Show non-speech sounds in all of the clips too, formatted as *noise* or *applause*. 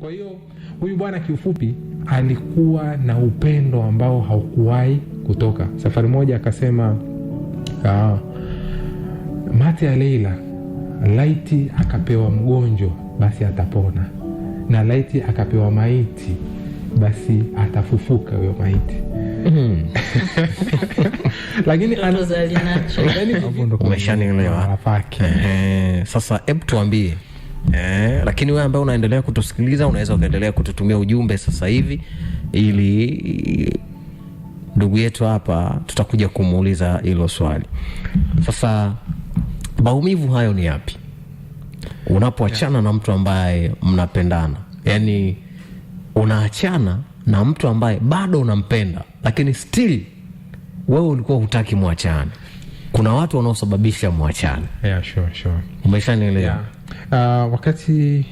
Kwa hiyo huyu bwana kiufupi alikuwa na upendo ambao haukuwahi kutoka. Safari moja akasema, ah, mate ya Leila laiti akapewa mgonjwa basi atapona, na laiti akapewa maiti basi atafufuka huyo maiti. Hmm. *laughs* Lakini *laughs* yaani umeshanielewa. Sasa hebu tuambie Eh, lakini wewe ambaye unaendelea kutusikiliza unaweza ukaendelea kututumia ujumbe sasa hivi ili ndugu yetu hapa tutakuja kumuuliza hilo swali. Sasa maumivu hayo ni yapi unapoachana yeah, na mtu ambaye mnapendana, yaani unaachana na mtu ambaye bado unampenda lakini still wewe ulikuwa hutaki mwachane. Kuna watu wanaosababisha mwachane. Yeah, sure, sure. Umeshanielewa? yeah. Uh, wakati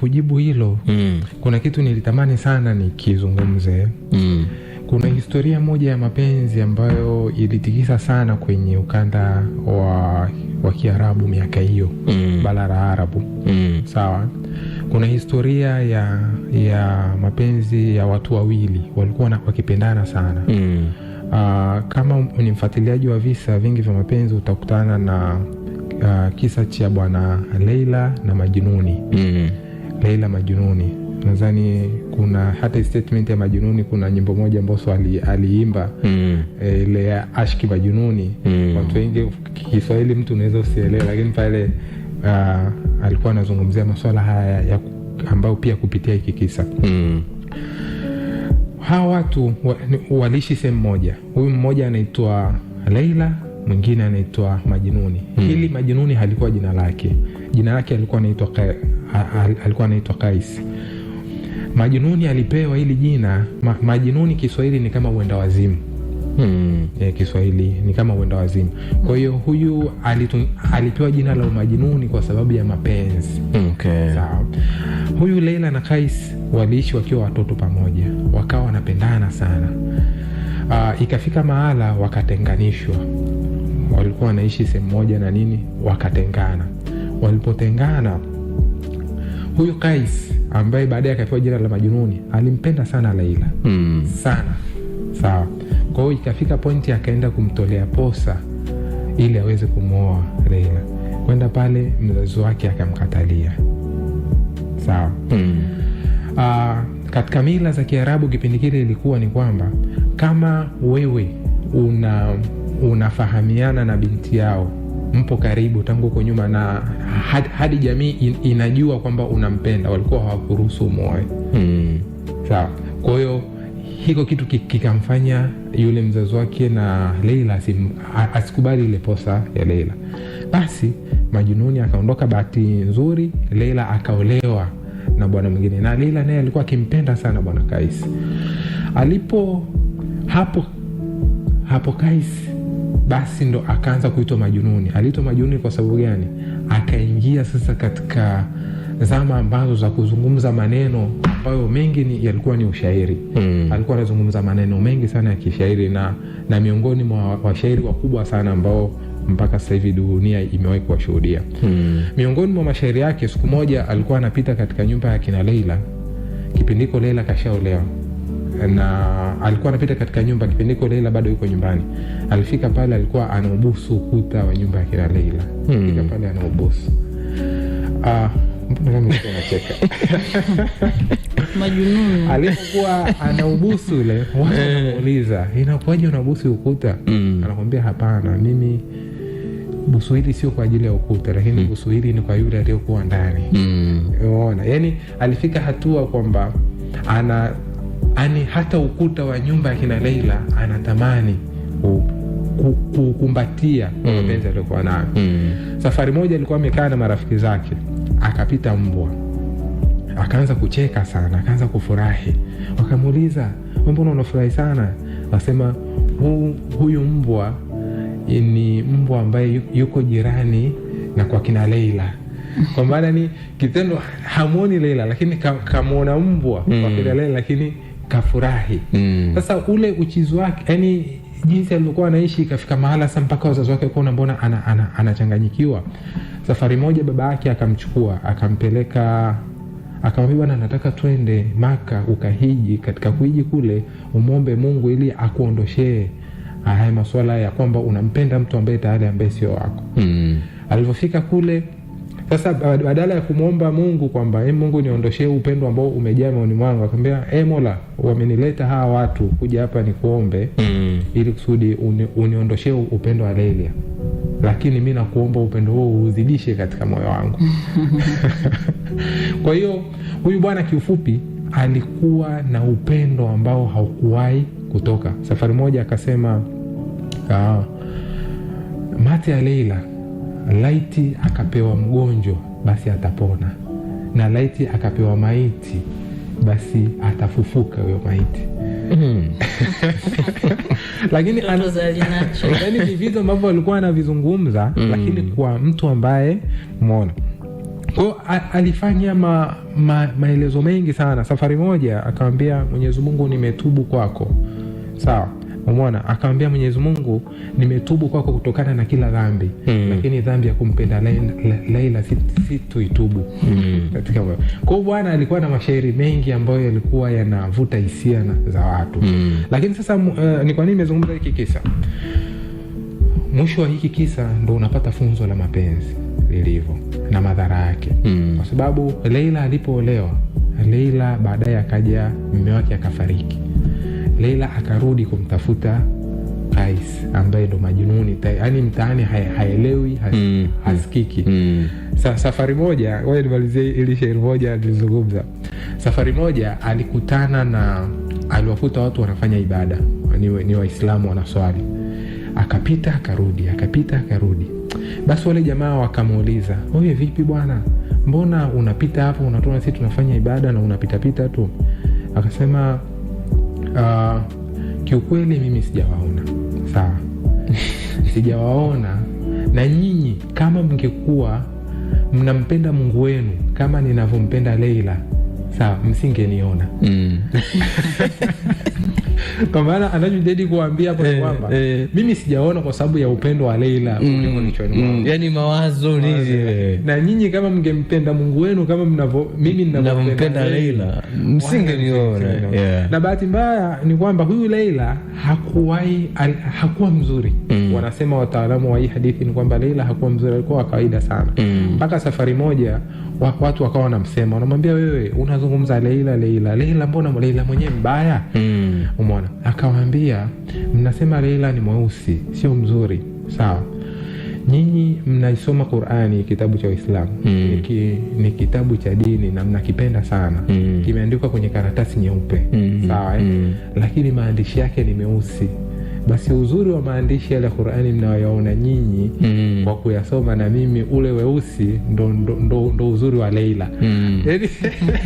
kujibu hilo mm. Kuna kitu nilitamani sana nikizungumze mm. Kuna historia moja ya mapenzi ambayo ilitikisa sana kwenye ukanda wa, wa Kiarabu miaka hiyo mm. bara la Arabu mm. Sawa, kuna historia ya, ya mapenzi ya watu wawili walikuwa wakipendana sana mm. Uh, kama ni mfuatiliaji wa visa vingi vya mapenzi utakutana na uh, kisa cha bwana Leila na Majununi mm. Leila Majununi, nadhani kuna hata statement ya Majununi, kuna nyimbo moja Mbosso aliimba ali mm. Mm-hmm. e, eh, ile ashki Majununi mm. watu wengi Kiswahili mtu unaweza usielewe, lakini pale uh, alikuwa anazungumzia masuala haya ya ambayo pia kupitia hiki kisa mm. hawa watu waliishi sehemu moja, huyu mmoja anaitwa Leila mwingine anaitwa Majinuni. Hmm. Hili Majinuni halikuwa jina lake, jina lake alikuwa anaitwa alikuwa Majinuni alipewa hili jina ma, Majinuni Kiswahili ni kama uenda wazimu. Hmm. E, Kiswahili ni kama uenda wazimu. Kwa hiyo huyu alipewa jina la umajinuni kwa sababu ya mapenzi. Okay. Huyu Leila na Kais waliishi wakiwa watoto pamoja, wakawa wanapendana sana. Uh, ikafika mahala wakatenganishwa walikuwa wanaishi sehemu moja na nini, wakatengana. Walipotengana, huyu Kais ambaye baadaye akapewa jina la Majununi alimpenda sana Laila hmm. sana sawa. Kwa hiyo ikafika pointi akaenda kumtolea posa ili aweze kumwoa Laila, kwenda pale mzazi wake akamkatalia, sawa hmm. Uh, katika mila za Kiarabu kipindi kile ilikuwa ni kwamba kama wewe una unafahamiana na binti yao, mpo karibu tangu huko nyuma na hadi, hadi jamii in, inajua kwamba unampenda, walikuwa hawakuruhusu umoe. hmm. Sawa. Kwa hiyo hiko kitu kikamfanya yule mzazi wake na Leila asikubali ile posa ya Leila. Basi Majununi akaondoka. Bahati nzuri, Leila akaolewa na bwana mwingine, na Leila naye alikuwa akimpenda sana bwana Kaisi. Alipo hapo hapo Kaisi basi ndo akaanza kuitwa majununi. Aliitwa majununi kwa sababu gani? Akaingia sasa katika zama ambazo za kuzungumza maneno ambayo mengi ni, yalikuwa ni ushairi mm. Alikuwa anazungumza maneno mengi sana ya kishairi na, na miongoni mwa washairi wakubwa sana ambao mpaka sasa hivi dunia imewahi kuwashuhudia mm. Miongoni mwa mashairi yake, siku moja alikuwa anapita katika nyumba ya kina Leila, kipindiko Leila kashaolewa na alikuwa anapita katika nyumba kipindi Leila bado yuko nyumbani. Alifika pale, alikuwa anaubusu ukuta wa nyumba ya kila Leila. Hmm. fika pale anaubusu ah, nacheka *laughs* alipokuwa anaubusu ule, eh. wanauliza inakuaji unabusu ukuta? mm. Anakwambia hapana, mimi busu hili sio kwa ajili ya ukuta, lakini mm. busu hili ni kwa yule aliyokuwa ndani. mm. Ona, yani alifika hatua kwamba ana Ani hata ukuta wa nyumba ya kina Leila anatamani kukumbatia mm. mapenzi aliyokuwa nayo mm. Safari moja alikuwa amekaa na marafiki zake, akapita mbwa, akaanza kucheka sana, akaanza kufurahi. Wakamuuliza, mbona unafurahi sana? Nasema hu, huyu mbwa ni mbwa ambaye yuko jirani na kwa kina Leila *laughs* kwa maana ni kitendo hamuoni Leila, lakini kamwona mbwa mm. kwa kina Leila lakini kafurahi. Mm. Sasa ule uchizi wake yani jinsi alivyokuwa anaishi ikafika mahala sasa mpaka wazazi wake kuona mbona ana, ana, anachanganyikiwa. Safari moja baba yake akamchukua akampeleka akamwambia, bwana, nataka twende Maka ukahiji. Katika kuhiji kule umwombe Mungu ili akuondoshee haya masuala ya kwamba unampenda mtu ambaye tayari ambaye sio wako. mm. Alivyofika kule sasa badala ya kumwomba Mungu kwamba e, Mungu niondoshee upendo ambao umejaa moyoni mwangu, akamwambia e, Mola, wamenileta hawa watu kuja hapa nikuombe mm. ili kusudi uni, uniondoshee upendo wa lelia lakini mi nakuomba upendo huo uzidishe katika moyo wangu. *laughs* Kwa hiyo huyu bwana kiufupi alikuwa na upendo ambao haukuwahi kutoka. Safari moja akasema ah, mate ya Leila laiti akapewa mgonjwa basi atapona, na laiti akapewa maiti basi atafufuka huyo maiti. Mm-hmm. *laughs* Lakini *laughs* yaani ni vitu ambavyo alikuwa anavizungumza, mm. lakini kwa mtu ambaye mona kwao alifanya ma, ma, maelezo mengi sana. Safari moja akawambia Mwenyezi Mungu, nimetubu kwako, sawa Umeona, akamwambia Mwenyezi Mungu, nimetubu kwako kutokana na kila dhambi mm. lakini dhambi ya kumpenda Laila situitubu mm. katika kwa hiyo bwana alikuwa na mashairi mengi ambayo yalikuwa yanavuta hisia za watu mm. lakini sasa uh, ni kwa nini nimezungumza hiki kisa? Mwisho wa hiki kisa ndo unapata funzo la mapenzi lilivyo na madhara yake mm. kwa sababu Leila alipoolewa Leila baadaye akaja mume wake akafariki Leila akarudi kumtafuta Kais ambaye ndo majununi, yani mtaani haelewi, mm. mm. hasikiki mm. Sa, safari moja waja nimalizie ili shairi moja nilizungumza. Safari moja alikutana na aliwakuta watu wanafanya ibada ni Waislamu wanaswali, akapita akarudi, akapita akarudi. Basi wale jamaa wakamuuliza, wewe vipi bwana, mbona unapita hapo unatuona sisi tunafanya ibada na unapitapita tu? Akasema Uh, kiukweli mimi sijawaona sawa, *laughs* sijawaona na nyinyi kama mngekuwa mnampenda Mungu wenu kama ninavyompenda Leila sawa, msingeniona mm. *laughs* kwa maana anachojitahidi kuambia hapo eh, ni kwamba eh, eh, mimi sijaona kwa sababu ya upendo wa Leila mm, mm, yani mawazo nini na nyinyi kama mngempenda Mungu wenu kama mnavyo mimi ninavyompenda Leila msingeniona. Na bahati mbaya ni kwamba huyu Leila hakuwai hakuwa mzuri mm. Wanasema wataalamu wa hii hadithi ni kwamba Leila hakuwa mzuri, alikuwa wa kawaida sana mm. mpaka mm. safari moja watu wakawa wanamsema wanamwambia wewe unazungumza leila leila leila mbona leila mwenyewe mbaya mm. umona akawambia mnasema leila ni mweusi sio mzuri sawa nyinyi mnaisoma qurani kitabu cha uislamu mm. ni, ni kitabu cha dini na mnakipenda sana mm. kimeandikwa kwenye karatasi nyeupe mm. sawa eh? mm. lakini maandishi yake ni meusi basi uzuri wa maandishi yale ya Qur'ani mnayoyaona nyinyi mm. kwa kuyasoma na mimi ule weusi ndo, ndo, ndo, ndo uzuri wa Leila mm.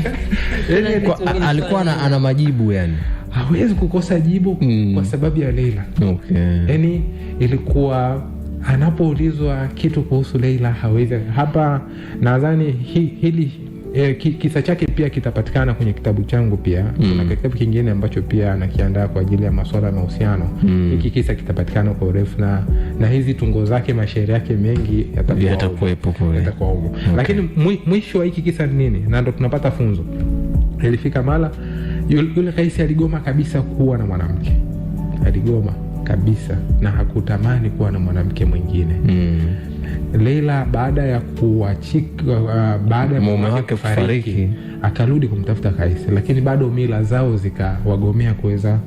*laughs* alikuwa na, ana majibu yani hawezi kukosa jibu mm. kwa hmm. sababu ya Leila okay. Yani ilikuwa anapoulizwa kitu kuhusu Leila hawezi hapa, nadhani hili eh, kisa chake pia kitapatikana kwenye kitabu changu pia mm. Kuna kitabu kingine ambacho pia anakiandaa kwa ajili ya masuala ya mahusiano hmm. hiki mm. Kisa kitapatikana kwa urefu na, na hizi tungo zake mashairi yake mengi yatakuwepo kule, yatakuwa okay. Lakini mwisho wa hiki kisa ni nini? Na ndo tunapata funzo. Ilifika mala yule rahisi aligoma kabisa kuwa na mwanamke, aligoma kabisa na hakutamani kuwa na mwanamke mwingine mm. Leila baada ya kuachika uh, baada ya mume wake kufariki akarudi kumtafuta Kaisi, lakini bado mila zao zikawagomea kuweza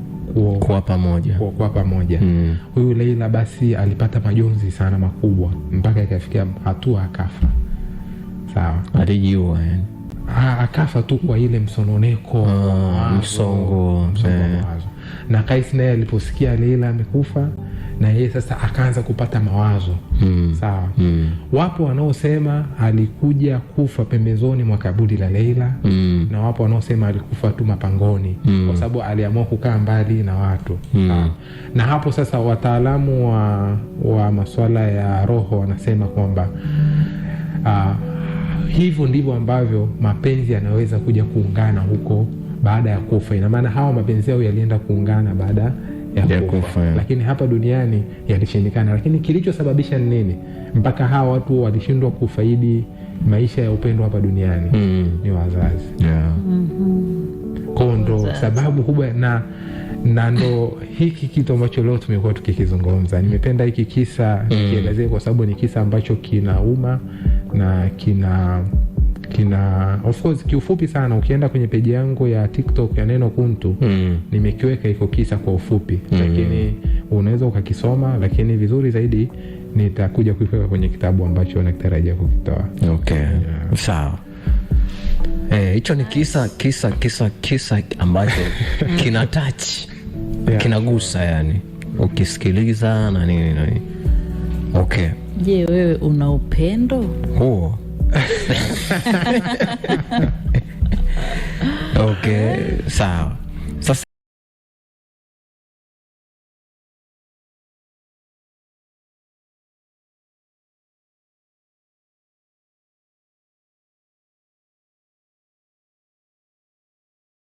kuwa pamoja kuwa pamoja hmm. huyu Leila basi alipata majonzi sana makubwa mpaka ikafikia hatua akafa. Sawa, alijiua yani Ah, akafa tu kwa ile msononeko ah, msongo eh. mawazo na Kais naye aliposikia Leila amekufa na yeye sasa akaanza kupata mawazo mm. Sawa mm. Wapo wanaosema alikuja kufa pembezoni mwa kaburi la Leila mm. na wapo wanaosema alikufa tu mapangoni mm. kwa hmm. sababu aliamua kukaa mbali na watu mm. Na hapo sasa wataalamu wa, wa masuala ya roho wanasema kwamba uh, Hivyo ndivyo ambavyo mapenzi yanaweza kuja kuungana huko baada ya kufa. Ina maana hawa mapenzi yao yalienda kuungana baada ya kufa, lakini hapa duniani yalishindikana. Lakini kilichosababisha ni nini mpaka hawa watu walishindwa kufaidi maisha ya upendo hapa duniani? mm. ni wazazi yeah. mm -hmm. Kwao ndo sababu kubwa na na ndo hiki kitu ambacho leo tumekuwa tukikizungumza. Nimependa hiki kisa hmm. nikielezee, kielezee kwa sababu ni kisa ambacho kinauma na kina kina of course kiufupi sana. Ukienda kwenye peji yangu ya TikTok ya neno kuntu mm. nimekiweka iko kisa kwa ufupi mm. lakini unaweza ukakisoma, lakini vizuri zaidi nitakuja kuiweka kwenye kitabu ambacho nakitarajia kukitoa. Okay, sawa. Eh, hicho ni kisa kisa kisa kisa ambacho *laughs* kina touch yeah. kinagusa yani ukisikiliza na nini na nini. Okay. Je, wewe una upendo huo? *laughs* Okay, sawa.